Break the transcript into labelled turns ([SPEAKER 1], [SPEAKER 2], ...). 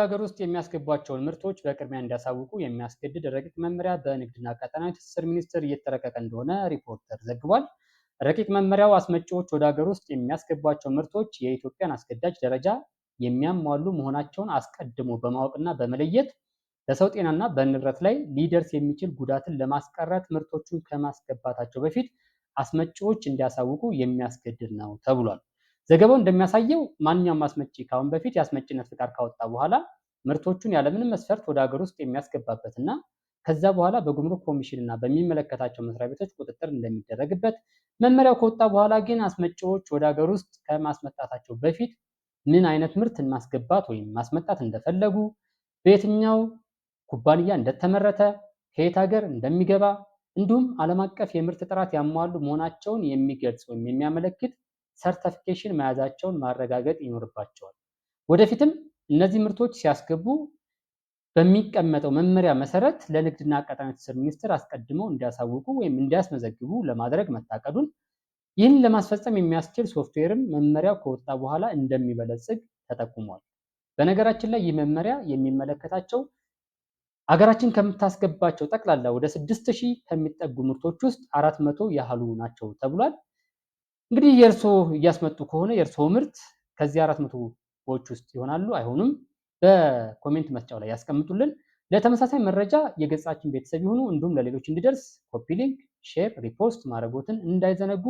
[SPEAKER 1] ሀገር ውስጥ የሚያስገቧቸውን ምርቶች በቅድሚያ እንዲያሳውቁ የሚያስገድድ ረቂቅ መመሪያ በንግድና ቀጣናዊ ትስስር ሚኒስቴር እየተረቀቀ እንደሆነ ሪፖርተር ዘግቧል። ረቂቅ መመሪያው አስመጪዎች ወደ ሀገር ውስጥ የሚያስገቧቸው ምርቶች የኢትዮጵያን አስገዳጅ ደረጃ የሚያሟሉ መሆናቸውን አስቀድሞ በማወቅና በመለየት በሰው ጤናና በንብረት ላይ ሊደርስ የሚችል ጉዳትን ለማስቀረት ምርቶቹን ከማስገባታቸው በፊት አስመጪዎች እንዲያሳውቁ የሚያስገድድ ነው ተብሏል። ዘገባው እንደሚያሳየው ማንኛውም አስመጪ ከአሁን በፊት የአስመጪነት ፍቃድ ካወጣ በኋላ ምርቶቹን ያለምንም መስፈርት ወደ ሀገር ውስጥ የሚያስገባበትና ከዛ በኋላ በጉምሩክ ኮሚሽን እና በሚመለከታቸው መስሪያ ቤቶች ቁጥጥር እንደሚደረግበት፣ መመሪያው ከወጣ በኋላ ግን አስመጪዎች ወደ ሀገር ውስጥ ከማስመጣታቸው በፊት ምን አይነት ምርት ማስገባት ወይም ማስመጣት እንደፈለጉ፣ በየትኛው ኩባንያ እንደተመረተ፣ ከየት ሀገር እንደሚገባ እንዲሁም ዓለም አቀፍ የምርት ጥራት ያሟሉ መሆናቸውን የሚገልጽ ወይም የሚያመለክት ሰርተፊኬሽን መያዛቸውን ማረጋገጥ ይኖርባቸዋል። ወደፊትም እነዚህ ምርቶች ሲያስገቡ በሚቀመጠው መመሪያ መሰረት ለንግድና ቀጣናዊ ትስስር ሚኒስቴር አስቀድመው እንዲያሳውቁ ወይም እንዲያስመዘግቡ ለማድረግ መታቀዱን ይህን ለማስፈጸም የሚያስችል ሶፍትዌርም መመሪያው ከወጣ በኋላ እንደሚበለጽግ ተጠቁሟል። በነገራችን ላይ ይህ መመሪያ የሚመለከታቸው አገራችን ከምታስገባቸው ጠቅላላ ወደ ስድስት ሺህ ከሚጠጉ ምርቶች ውስጥ አራት መቶ ያህሉ ናቸው ተብሏል። እንግዲህ የእርሶ እያስመጡ ከሆነ የእርሶ ምርት ከዚህ አራት መቶዎች ውስጥ ይሆናሉ አይሆኑም? በኮሜንት መስጫው ላይ ያስቀምጡልን። ለተመሳሳይ መረጃ የገጻችን ቤተሰብ ይሁኑ፣ እንዲሁም ለሌሎች እንዲደርስ ኮፒ ሊንክ፣ ሼር፣ ሪፖስት ማድረጎትን እንዳይዘነጉ።